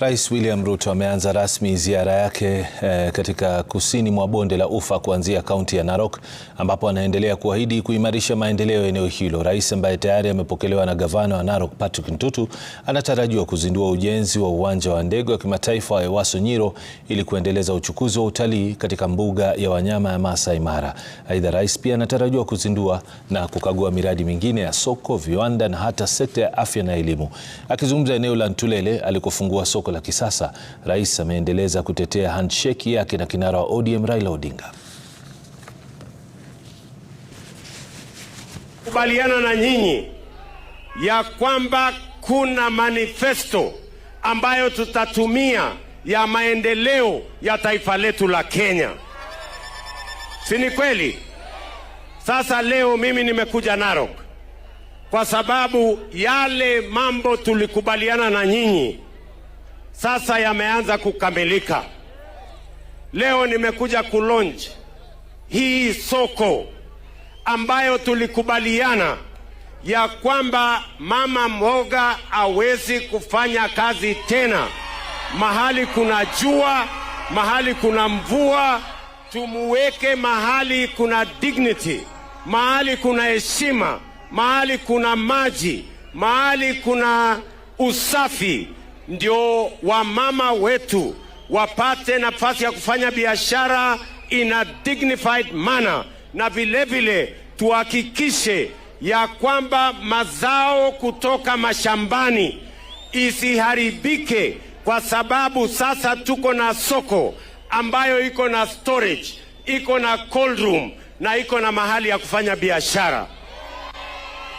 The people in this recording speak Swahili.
Rais William Ruto ameanza rasmi ziara yake e, katika kusini mwa bonde la Ufa kuanzia kaunti ya Narok ambapo anaendelea kuahidi kuimarisha maendeleo eneo hilo. Rais ambaye tayari amepokelewa na gavana wa Narok Patrick Ntutu anatarajiwa kuzindua ujenzi wa uwanja wa ndege wa kimataifa wa Ewaso Nyiro ili kuendeleza uchukuzi wa utalii katika mbuga ya wanyama ya Masai Mara. Aidha, rais pia anatarajiwa kuzindua na kukagua miradi mingine ya soko, viwanda na hata sekta ya afya na elimu. Akizungumza eneo la Ntulele alikofungua soko soko la kisasa, rais ameendeleza kutetea handshake yake na kinara wa ODM Raila Odinga. Kubaliana na nyinyi ya kwamba kuna manifesto ambayo tutatumia ya maendeleo ya taifa letu la Kenya, si ni kweli? Sasa leo mimi nimekuja Narok kwa sababu yale mambo tulikubaliana na nyinyi sasa yameanza kukamilika. Leo nimekuja kulonj hii soko ambayo tulikubaliana ya kwamba mama mboga awezi kufanya kazi tena mahali kuna jua, mahali kuna mvua, tumuweke mahali kuna dignity, mahali kuna heshima, mahali kuna maji, mahali kuna usafi ndio wamama wetu wapate nafasi ya kufanya biashara in a dignified manner, na vilevile tuhakikishe ya kwamba mazao kutoka mashambani isiharibike, kwa sababu sasa tuko na soko ambayo iko na storage, iko na cold room na iko na mahali ya kufanya biashara.